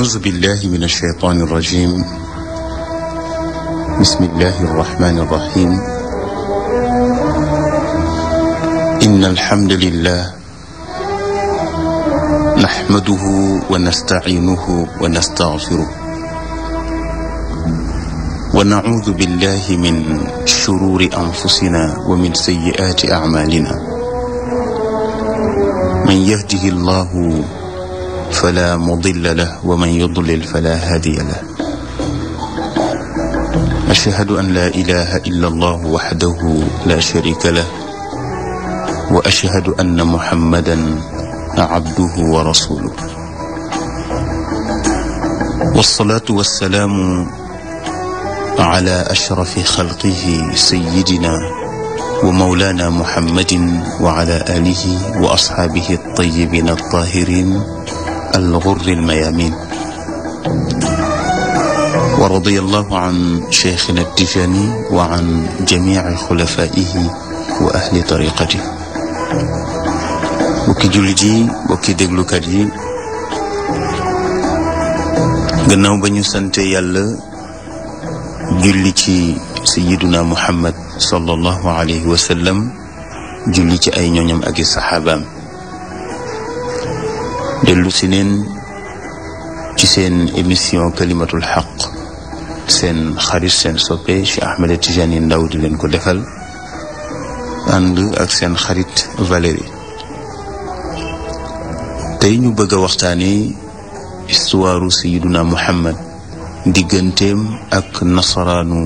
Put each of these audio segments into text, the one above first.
أعوذ بالله من الشيطان الرجيم بسم الله الرحمن الرحيم إن الحمد لله نحمده ونستعينه ونستغفره ونعوذ بالله من شرور أنفسنا ومن سيئات أعمالنا من يهده الله فلا مضل له ومن يضلل فلا هادي له أشهد أن لا إله إلا الله وحده لا شريك له وأشهد أن محمدا عبده ورسوله والصلاة والسلام على أشرف خلقه سيدنا ومولانا محمد وعلى آله وأصحابه الطيبين الطاهرين الغر الميامين ورضي الله عن شيخنا التجاني وعن جميع خلفائه وأهل طريقته bokki jullit yi bokki déglukat yi gannaaw ba ñu sante yàlla julli ci sayiduna muhammad sallallahu alayhi wa sallam julli ci ay ñooñam ak i saxaabaam dellusi si neen ci seen émission kalimatul xaq seen xarit seen soppe Cheikh Ahmed Tidiane ndaw di leen ko defal ànd ak seen xarit Valérie tey ñu bëgg a waxtaane histoire Sayyiduna Muhammad digganteem ak nasaraanu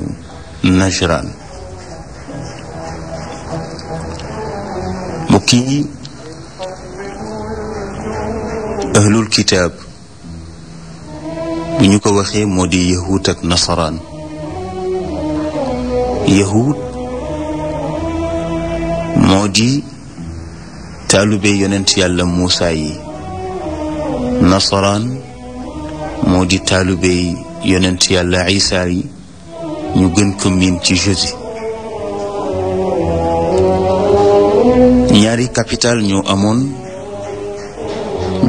Najraan mbokk yi ahlul kitaab bu ñu ko waxee moo di yahuud ak nasaraan yahuud moo di taalube yonent yàlla Muusaa yi nasaraan moo di taalube yonent yàlla Isaa yi ñu gën ko miin ci jésu ñaari capital ñoo amoon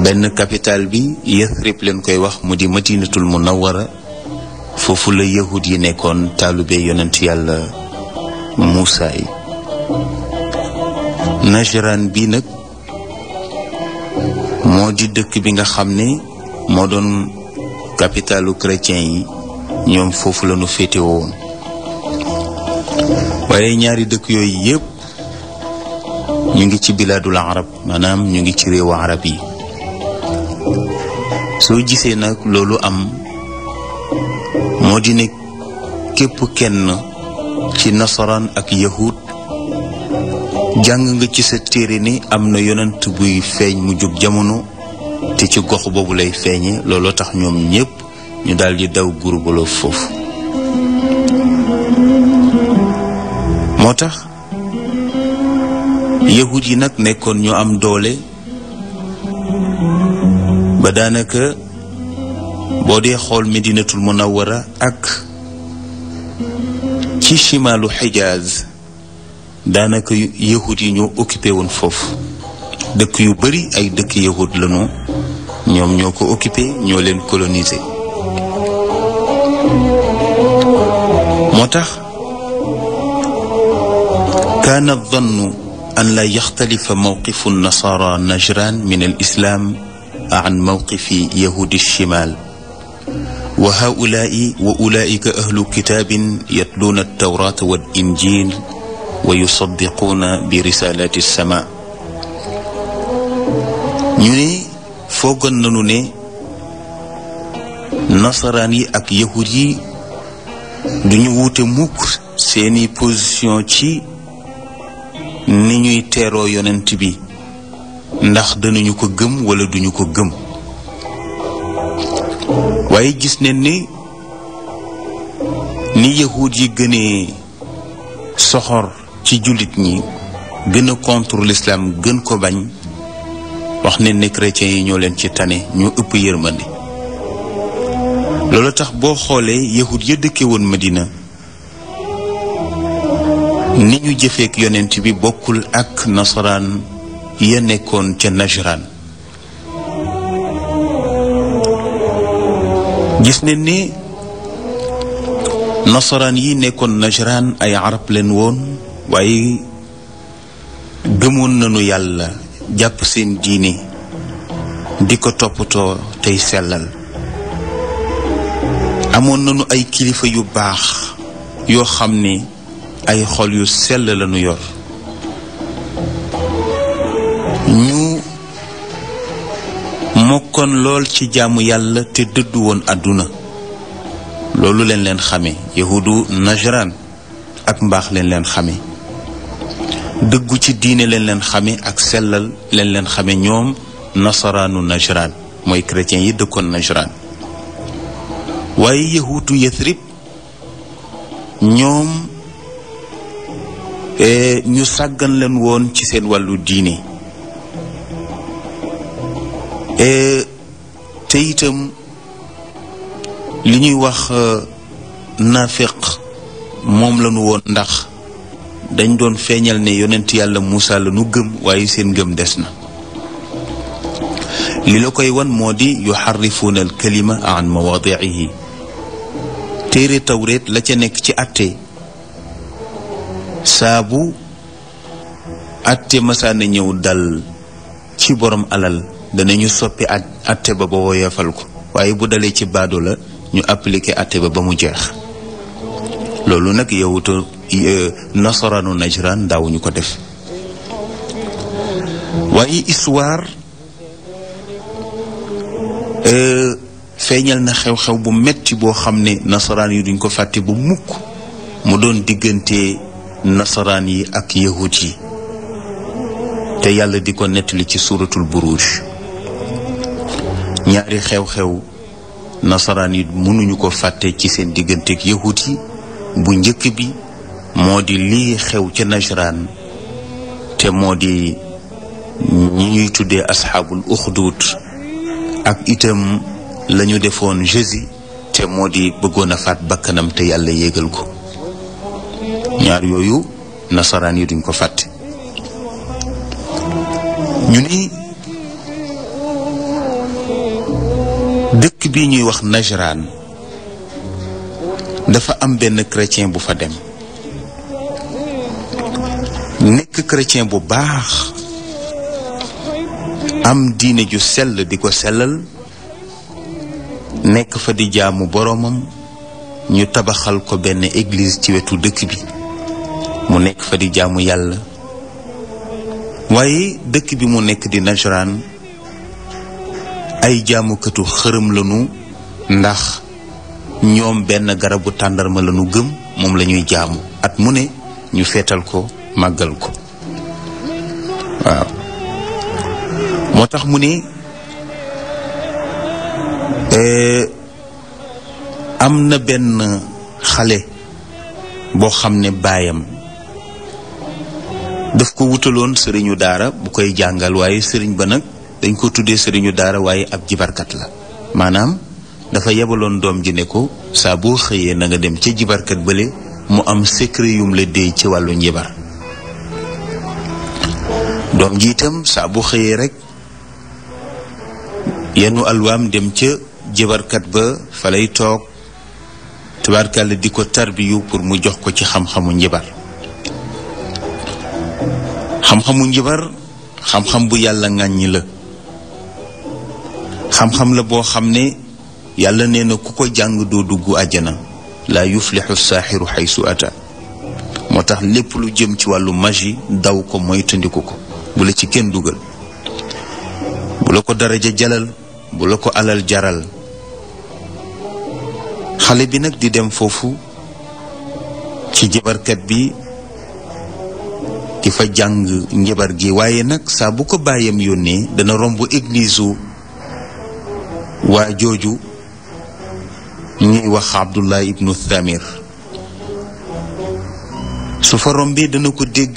benn capital bi Yathrib leen koy wax mu di madinatul munawwara foofu la yahud yi nekkoon taalube yonent yàlla Muusa yi Najran bi nag moo di dëkk bi nga xam ne moo doon capitalu chrétien yi ñoom foofu la ñu waaye ñaari dëkk yooyu yépp ñu ngi ci bilaadul arab maanaam ñu ngi ci réewu arab yi soo gisee nag loolu am moo di ne képp kenn ci nasaraan ak yahud jàng nga ci sa téere ni am na yonent buy feeñ mu jóg jamono te ci gox boobu lay feeñe looloo tax ñoom ñépp ñu daldi daw gurbaloo foofu moo tax yahud yi nag nekkoon ñu am doole ba daanaka boo dee xool medinatul munawwara ak ci shimalu xijaaz daanaka yahud yi ñoo occupé woon foofu dëkk yu bari ay dëkk yahud lañu ñoom ñoo ko occupé ñoo leen colonisé moo tax kaana zannu an la yaxtalifa mawqifu nasara najran min al islam an mawqifi yahudi shimal wa haulaai wa ulaika ahlu kitaabin yatluuna altawrata wal injil wa yusaddiquuna bi risalati sama ñu ne foogoon nañu ne nasaraan yi ak yahud yi duñu wuute mukk seeni position ci ni ñuy teeroo yonent bi ndax danañu ko gëm wala duñu ko gëm waaye gis nañ ni ni yahuud yi gënee soxor ci jullit ñi gën a contre l'islam gën ko bañ wax ne ne chrétiens yi ñoo leen ci tane ñu ëpp yërmande loolu tax boo xoolee yahud ya dëkke woon Madina ni ñu jëfeek yonent bi bokkul ak nasoraan ya nekkoon ca Najran gis ne ni nasaraan yi nekkoon Najran ay arab leen woon waaye gëmoon nañu yàlla jàpp seen diini di ko toppatoo tey sellal amoon nañu ay kilifa yu baax yoo xam ni ay xol yu sell lañu yor mokkoon lool ci jàmm yàlla te dëddu woon àdduna loolu leen leen xame yahudu najran ak mbaax leen leen xame dëggu ci diine leen leen xame ak sellal leen leen xame ñoom nasoraanu najran mooy chrétiens yi dëkkoon najran waaye yahudu yathrib ñoom eh, ñu sàggan leen woon ci seen wàllu diine te itam li ñuy wax euh, nafiq moom la woon ndax dañ doon feeñal ne yonent yàlla Moussa la gëm waaye seen gëm des na li la koy wan moo di yuxarrifuuna al kalima an mawaadiihi téere tawreet la ca nekk ci atte saabu atte masaana ñëw dal ci borom alal danañu soppi at ba ba woyofal ko waaye bu dalee ci baado la ñu appliqué atte ba ba mu jeex loolu nag yowutu euh, nasaraanu najran daawuñu ko def waaye histoire euh, feeñal na xew-xew bu metti boo xam ne nasaraan yi duñ ko fàtte bu mukk mu doon diggante nasaraan yi ak yahut yi te yàlla di ko nettali ci suuratul buruj ñaari xew-xew nasaraan yi mënuñu ko fàtte ci seen digganteeg yahut yi bu njëkk bi moo di lii xew ca nasaraan te moo di ñi ñuy tuddee asxaabul uxduut ak itam lañu defoon Jésus te moo di bëggoona a bakkanam te yàlla yéegal ko ñaar yooyu nasaraan yi duñ ko fàtte dëkk bi ñuy wax Najran dafa am benn chrétien bu fa dem nekk chrétien bu baax am diine ju sell di ko sellal nekk fa di jaamu boroomam ñu tabaxal ko benn église ci wetu dëkk bi mu nekk fa di jaamu yàlla waaye dëkk bi mu nekk di Najran ay jaamukatu xërëm lañu ndax ñoom benn garabu tàndarma lañu gëm moom lañuy ñuy jaamu at mu ne ñu feetal ko màggal ko waaw moo tax mu ne eh, am na benn xale boo xam ne baayam daf ko wutaloon sëriñu daara bu koy jàngal waaye sëriñ ba nag dañ ko tuddee sëriñu daara waaye ab jibarkat la maanaam dafa yebaloon doom ji ne ko saa boo xëyee nanga dem ca jibarkat bële mu am secret yum la déy ci wàllu njibar doom ji itam saa bu xëyee rek yenu alwaam dem ca jibarkat ba falay lay toog tabarkàlla di ko tarbiyu pour mu jox ko ci xam-xamu njibar xam-xamu njibar xam-xam bu yàlla ŋàññi la xam-xam la boo xam ne yàlla nee na ku ko jàng doo dugg àjjana laa yuflixu saaxiru xaysu ata moo tax lépp lu jëm ci wàllu magie daw ko mooy tëndiku ko bu la ci kenn dugal bu la ko daraja jalal bu la ko alal jaral xale bi nag di dem foofu ci jabarkat bi di fa jàng njabar gi waaye nag saa bu ko bàyyam yónnee dana romb église waa jooju ñuy wax Abdullah ibnu Thamir su fa rombee dana ko dégg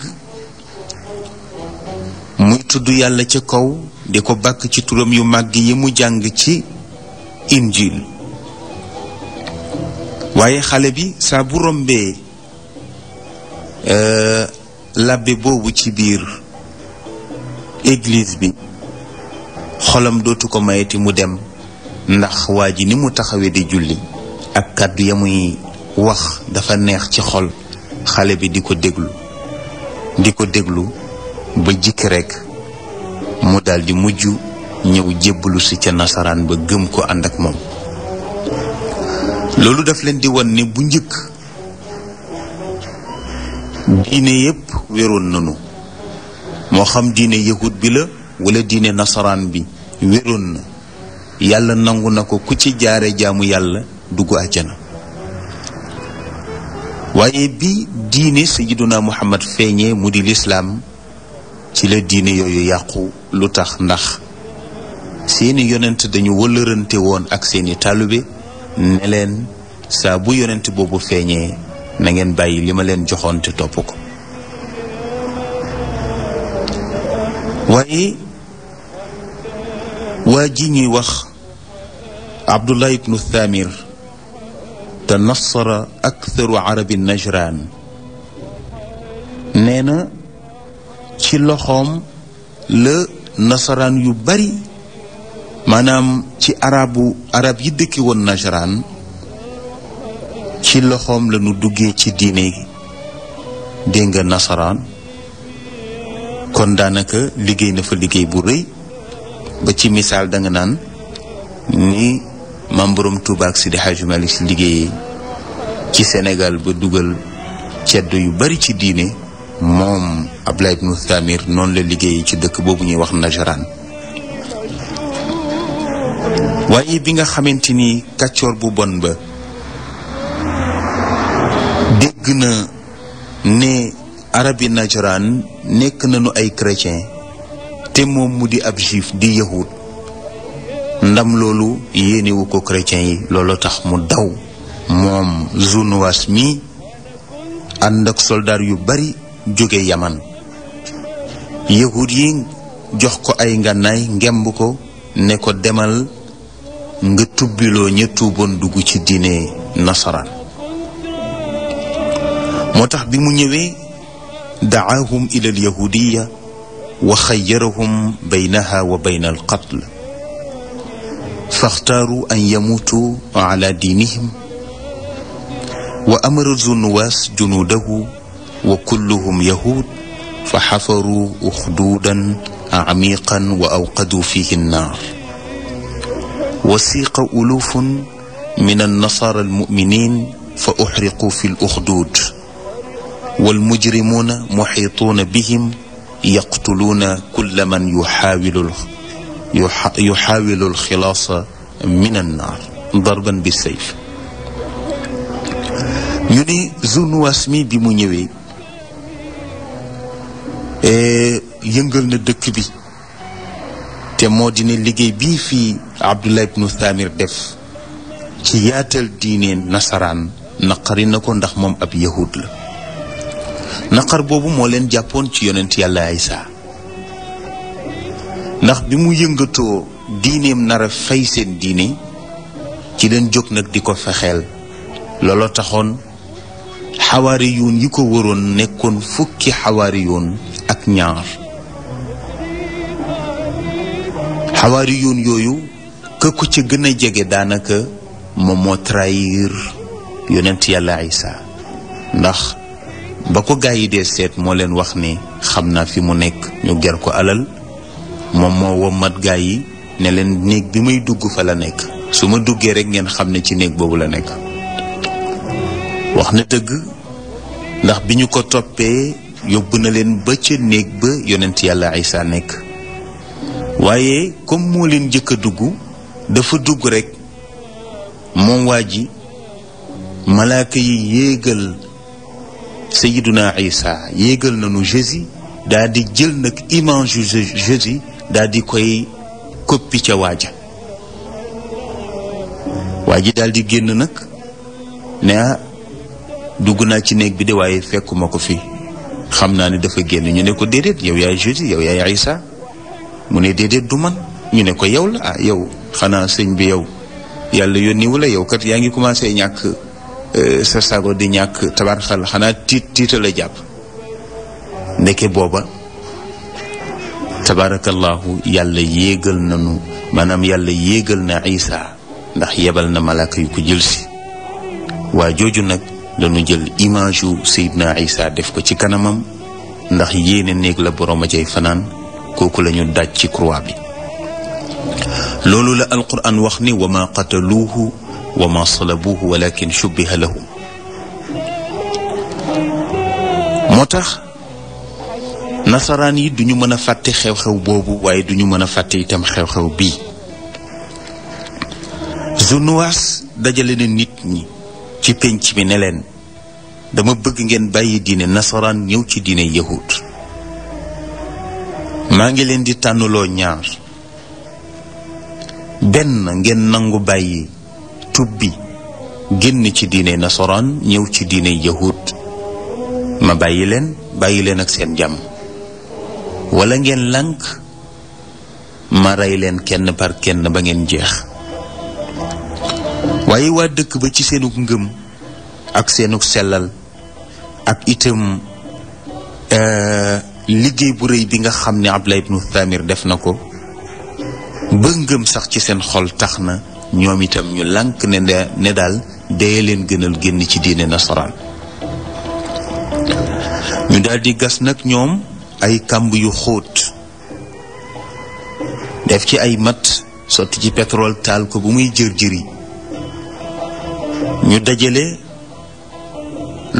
muy tudd yàlla ca kaw di ko bàkk ci turam yu màgg yi mu jàng ci injil waaye xale bi saa bu rombee euh, labbe boobu ci biir église bi xolam dootu ko mayeti mu dem ndax waa ji ni mu taxawee di julli ak kàddu ya muy wax dafa neex ci xol xale bi di ko déglu di ko déglu ba jikk rekk mu daldi mujj ñëw jébbalu si ca nasaraan ba gëm ko ànd ak moom loolu daf leen di won ni bu njëkk diine yépp wéroon nanu moo xam diine yahud bi la walla diine nasaraan bi wéroon na yàlla nangu na ko ku ci jaare jaamu yàlla dugg àjjana waaye bi diine sayiduna muhammad feeñee mu di lislaam ci la diine yooyu yàqu lu tax ndax seeni yonent dañu wëllërante woon ak seeni taalibe ne leen saa bu yonent boobu feeñee nangeen bàyyi li ma leen joxoon topp ko waaye waa ji ñuy wax abdullah ibnu thamir ak aktharu arabi najran nee na ci loxoom la nasaraan yu bari maanaam ci arabu arab yi dëkki woon ci loxoom la ñu duggee ci diine gi dégg kon daanaka liggéey na fa liggéey bu rëy ba ci misaal danga naan maam borom Touba ak Sidi Hadj Malick si liggéeyee ci Sénégal ba dugal ceddo yu bari ci diine moom Ablaye ibnu Thamir noonu la liggéeyee ci dëkk boobu ñuy wax Najaraan waaye bi nga xamante ni kàccoor bu bon ba dégg na ne arabi Najaraan nekk nañu ay chrétien te moom mu di ab juif di yahud ndam loolu yéenewu ko chrétien yi loolu tax mu daw moom Zunuwas mi ànd ak soldaar yu bari jóge yaman yahud yi jox ko ay ngànnaay ngemb ko ne ko demal nga tubbiloo ñettu bon dugg ci diine nasaraan moo tax bi mu ñëwee daahum ila al yahudiya wa xayyarahum baynaha wa bayna al faxtaaru an yamuutu ala diinihim wa amara zunuwaas junuudahu wa kulluhum yahuud fa xafaru uxduudan amiqan wa awqadu fihi nnaar wa siiqa ulufun min annasaara almuminin fa uxriqu fi luxduud walmujrimuuna muxiituuna bihim yaqtuluuna kulla man yuxaawilu yuxaawilu alxilaasa min annaar darban bi ñu ni Zunnuwaas mi bi mu ñëwee e, yëngal na dëkk bi te moo dina liggéey bi fii Abdullah ibnu Thamir def ci yaatal diine nasaraan naqari na ko ndax moom ab yahud la naqar boobu moo leen jàppoon ci yonent yàlla Isaa ndax bi mu yëngatoo diineem nar a fay seen diine ci leen jóg nag di ko fexeel looloo taxoon xawaari yoon yi ko waroon nekkoon fukki xawaari yoon ak ñaar xawaari yoon yooyu ka ko ca gën a jege daanaka moom moo trahir yonent yàlla Isa ndax ba ko gaa yi dee seet moo leen wax ni xam naa fi mu nekk ñu ger ko alal moom moo mat gaay yi ne leen néeg bi may dugg fa la nekk su ma duggee rek ngeen xam ne ci néeg boobu la nekk wax na tëgg ndax bi ñu ko toppee yóbbu na leen ba ca néeg ba yonent yàlla Isaa nekk waaye comme moo leen jëkk a dugg dafa dugg rek moom waa ji malaaka yi yéegal sayiduna Isaa yéegal nañu Jésus daal di jël nag image yu Jésus daal di koy koppi ca waaja waa ji daal di génn nag ne ah, dugg naa ci néeg bi de waaye fekkuma ko fi xam naa ne dafa génn ñu ne ko déedéet yow yaay Jésus yow yaay Isa mu ne déedéet du man ñu ne ko yow la ah yow xanaa sëñ bi yow yàlla yoon yónniwu la yow kat yaa ngi commencé ñàkk euh, sa sago di ñàkk tabarxal xanaa tiit tiita la jàpp ndeke booba tabaarakallahu yàlla yéegal nanu maanaam yàlla yéegal na Isa ndax yebal na malaaka yu ko jël si waa jooju nag lañu jël image yu Seydina Isa def ko ci kanamam ndax yéene néeg la borom a cay fanaan kooku lañu daj ci croix bi loolu la alquran wax ni wa ma qataluuhu wa ma salabuuhu walakin shubbiha lahum nasoraan yi duñu mën a fàtte xew-xew boobu waaye duñu mën a fàtte itam xew-xew bii Zunuwaas dajale na nit ñi ci pénc bi ne leen dama bëgg ngeen bàyyi diine nasoraan ñëw ci diine yahud maa ngi leen di tànnuloo ñaar benn ngeen nangu bàyyi tubbi génn ci diine nasoraan ñëw ci diine yahud ma bàyyi leen bàyyi leen ak seen jàmm wala ngeen lank ma rey leen kenn par kenn ba ngeen jeex waaye waa dëkk ba ci seenug ngëm ak seenug sellal ak itam euh, liggéey bu rëy bi nga xam ne Abdullah ibnu Thamir def na ko ba ngëm sax ci seen xol tax na ñoom itam ñu lank ne daal dee leen gënal génn ci diine nasoraan ñu daldi gas nag ñoom ay kàmb yu xóot def ci ay mat sotti ci pétrole taal ko bu muy jër jëri ñu dajale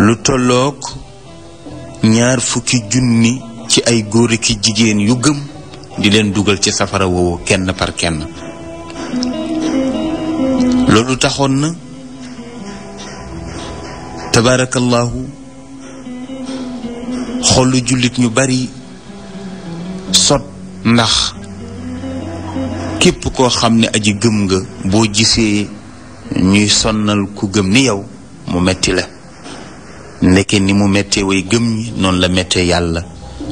lu tolloog ñaar fukki junni ci ay góor ki jigéen yu gëm di leen dugal ci safara woowu kenn par kenn loolu taxoon na tabaarakallahu xolu jullit ñu bari sot ndax képp koo xam ne aji gëm nga boo gisee ñuy sonnal ku gëm ni yow mu metti la ndeke ni mu mettee way gëm ñi noonu la mettee yàlla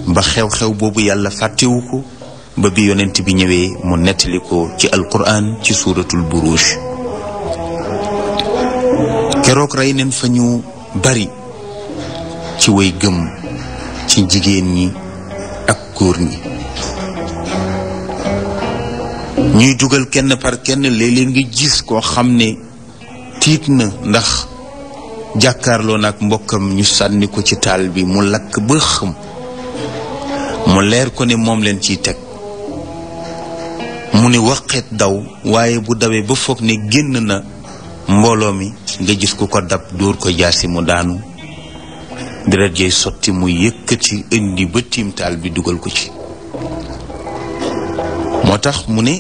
ba xew-xew boobu yàlla fàttewu ko ba bi yonent bi ñëwee mu nettali ko ci alquran ci suuratul buruj keroog rey neen fa ñu bari ci way gëm ci jigéen ñi ak góor ñi ñuy dugal kenn par kenn léeg-léeg nga gis koo xam ne tiit na ndax jàkkaarloo nag mbokkam ñu sànni ko ci taal bi mu lakk ba xam mu leer ko ne moom leen ciy teg mu ne waqet daw waaye bu dawee ba foog ne génn na mbooloo mi nga gis ku ko dab dóor ko jaasi mu daanu deret jay sotti mu yëkkati indi ba tiimtaal bi dugal ko ci moo tax mu ne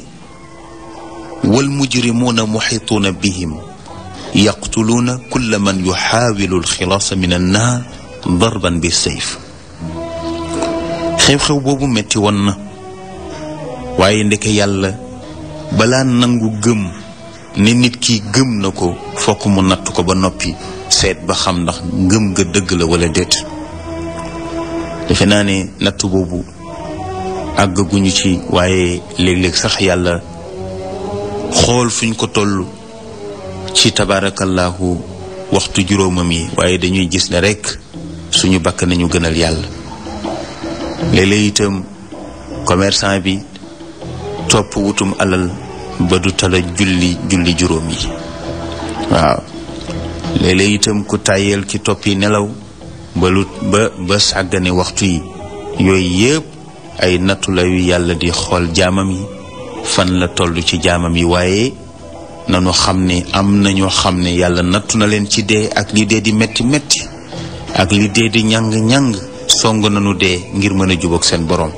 wal mujrimuuna muxituuna bihim yaqtuluuna kulla man yuxaawilu alxilaasa min annaar darban bi sayf xew-xew boobu metti woon na waaye ndeke yàlla balaa nangu gëm ne nit ki gëm na ko fokk mu natt ko ba noppi seet ba xam ndax ngëm nga dëgg la wala déet defe naa ne natt boobu àggaguñu ci waaye léeg-léeg sax yàlla xool fuñ ko toll ci tabaarakallaahu waxtu juróomam yi waaye dañuy gis ne rekk suñu bakk nañu gënal yàlla léeg-léeg itam commerçant bi topp wutum alal ba du tala julli juróom yi waaw léeg-léeg itam ku tàyyeel ci topp yi nelaw ba lu ba ba sàggane waxtu yi yooyu yépp ay nattu la yu yàlla di xool jaamam yi fan la tollu ci jaamam yi waaye nanu xam ne am na ñoo xam ne yàlla nattu na leen ci dee ak li di metti metti ak li di ñàng njàng song nanu dee ngir mën a jubóog seen boroom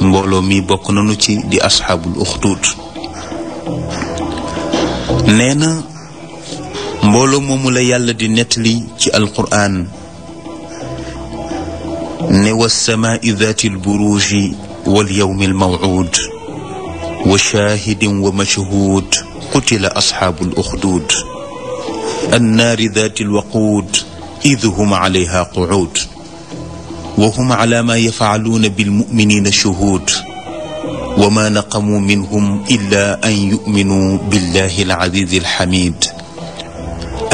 mbooloo mi bokk nanu ci di asxaabul uxduud nee mbooloo moomu la yàlla di nettali ci alquraan ne wassamaai dati lburuuji walyawmi almawcuud wa shaahidin wa mashhuud qutila asxaabu luxduud annaari dati lwaquud id hum calayha qucuud wa hum cala maa yafcaluuna bilmuminina shuhuud wa ma naqamu minhum illa an yuminuu billahi alcaziizi alxamiid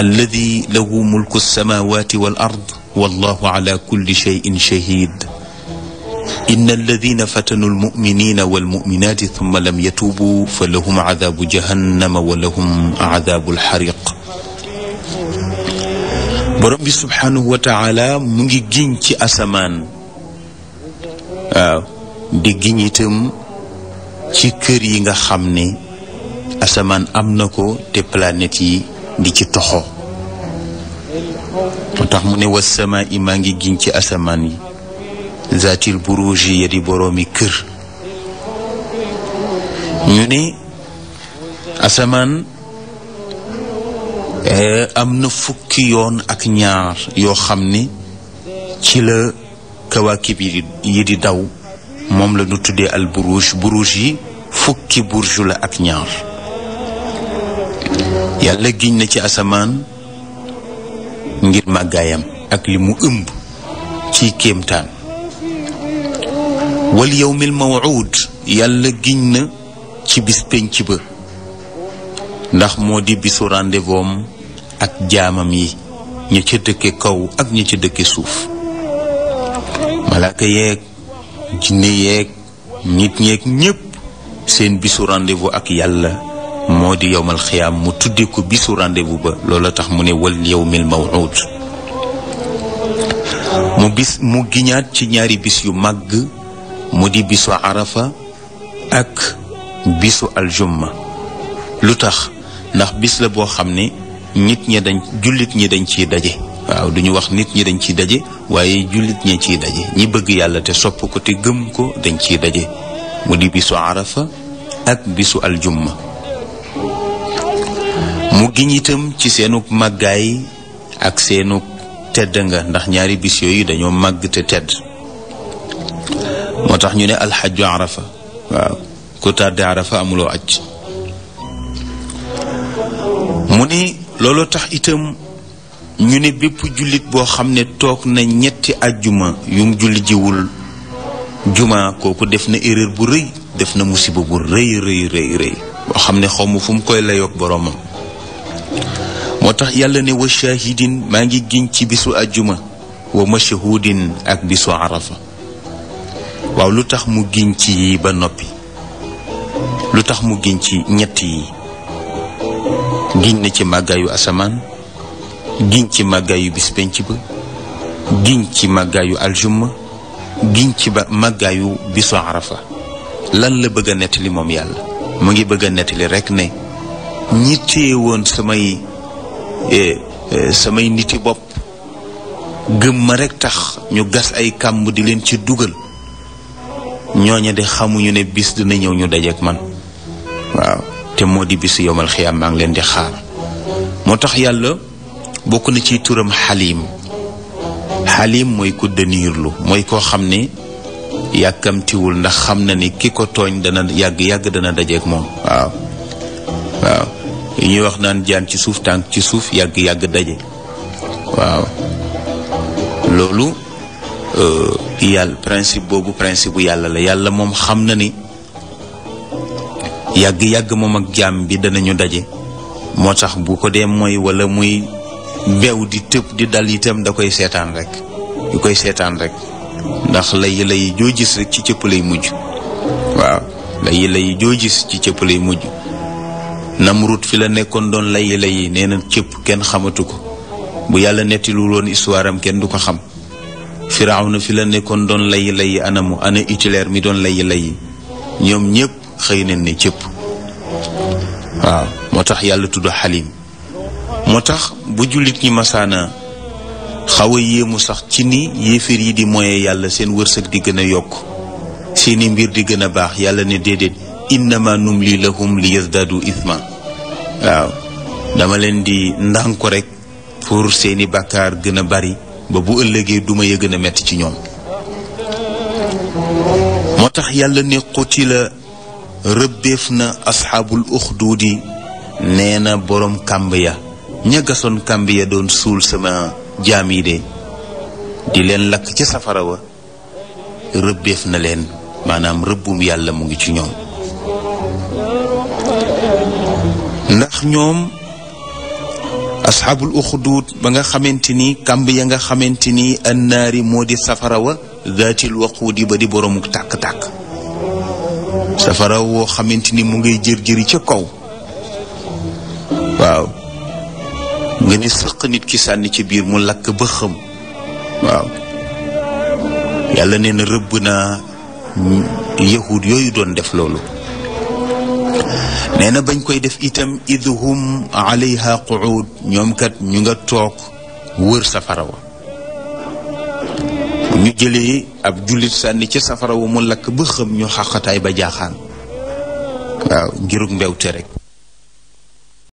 alladi lahu mulku alsamawati wal ard wallahu ala kulli cheyin chahid inna alladina fatanu almuminina walmuminati thumma lam yatubu fa lahum adabu jahannama wa lahum adabu alxariq borom bi subhanahu wa taala mu ngi giñ ci asamaan waaw di giñ itam ci kër yi nga xam ne asamaan am na ko te planète yi di ci toxo moo tax mu ne wasamaa i maa ngi giñ ci asamaan yi zaatil buruji ya di boroomi kër ñu ne asamaan eh, am na fukki yoon ak ñaar yoo xam ne ci la kawaakib yi di daw moom la ñu tuddee al buruj buruj yi fukki burju la ak ñaar yàlla giñ na ci asamaan ngir màggaayam ak li mu ëmb ci kéemtaan wal yawmil mawuud yàlla giñ na ci bis pénc ba ndax moo di bisu rendez ak jaamam yi ña ca dëkke kaw ak ña ca dëkke suuf malaaka yeeg jinne yeeg nit ñeeg ñépp seen bisu rendez ak yàlla moo di yowmal xiyaam mu tuddee ko bisu rendez-vous ba loola tax mu ne wal yowmil mawuud mu bis mu giñaat ci ñaari bis yu màgg mu di bisu arafa ak bisu aljumma lu tax ndax bis la boo xam ne nit ñi dañ jullit ñi dañ ciy daje waaw duñu wax nit ñi dañ ciy daje waaye jullit ñi ciy daje ñi bëgg yàlla te sopp ko te gëm ko dañ ciy daje mu di bisu arafa ak bisu aljumma mu giñ itam ci seenug màggaay ak seenug tedd nga ndax ñaari bis yooyu dañoo màgg te tedd moo tax ñu ne alxaju arafa waaw ku tàdde arafa amuloo aj mu ni looloo tax itam ñu ne bépp jullit boo xam ne toog na ñetti ajjuma yum julli jiwul juma kooku def na erreur bu rëy def na musiba bu rëy rëy boo xam ne xaw ma fu mu koy layoog boroomam moo tax yàlla ne wa shahidin maa ngi giñ ci bisu àjjuma wa mashahudin ak bisu arafa waaw lu tax mu giñ ci yi ba noppi lu tax mu giñ ci ñett yi giñ na ci màggaayu asamaan giñ ci màggaayu bis penc ba giñ ci màggaayu aljuma giñ ci ba màggaayu bisu arafa lan la bëgg a nettali moom yàlla mu ngi bëgg a nettali rekk ne ñi woon samay Eh, eh, samay niti bopp gëmma rekk tax ñu gas ay kàmb di leen ci dugal ñooña de xamuñu ne bis dina ñëw ñu dajeek man waaw te moo di bisu yomal xiyaam maa ngi leen di xaar moo tax yàlla bokk na ci turam xaliim xaliim mooy ku dëniirlu mooy koo xam ne yàkkamtiwul ndax xam na ni ki ko tooñ dana yàgg yàgg dana dajeek moom waaw waaw ñuy wax naan jaan ci suuf tànk ci suuf yàgg yàgg daje waaw loolu euh, yàlla principe boobu principe bu yàlla la yàlla moom xam na ni yàgg yàgg moom ak jaam bi danañu daje moo tax bu ko dee mooy walla muy beew di tëb di dal itam da koy seetaan rek yu koy seetaan rek ndax lay lay gis rek ci cëpp lay mujj waaw lay lay joo ci cëpp lay mujj Namrud fi la nekkoon doon layi layi nee na cëpp kenn xamatu ko bu yàlla nettilu woon histoire am kenn du ko xam na fi la nekkoon doon layi layi anamu ana Hitler mi doon layi layi ñoom ñépp xëy nañ ne cëpp waaw moo tax yàlla tudd xalim moo tax bu jullit ñi masaana xaw a yéemu sax ci ni yéeféer yi di moye yàlla seen wërsëg di gën a yokk seeni mbir di gën a baax yàlla ne déedéet lii la lahum li yazdadu isma waaw dama leen di ndànk rekk pour seeni bàkkaar gën a bari ba bu ëllëgee duma ya gën a metti ci ñoom moo tax yàlla ne qutila rëbbeef na asxaabul uxduudi nee na boroom kàmb ya ña gasoon kàmb ya doon suul sama jaam yi de di leen lakk ca safara wa rëbbeef na leen maanaam rëbbum yàlla mu ngi ci ñoom ndax ñoom asxaabul uxduud ba nga xamante ni kàmb ya nga xamante ni annaari moo di safara wa daatil waquudi ba di boroomu tàkk-tàkk safara woo xamante ni mu ngay jër-jëri ca kaw waaw nga ni sëq nit ki sànni ci biir mu lakk ba xëm waaw yàlla nee rëbb naa mm, yahud yooyu doon def loolu nee na bañ koy def itam idhum alayha qu'ud ñoom kat ñu nga toog wër safara wa ñu jëlee ab jullit sànni ca safara wa mu lakk ba xëm ñu xaqataay ba jaaxaan waaw ngirug mbewte rek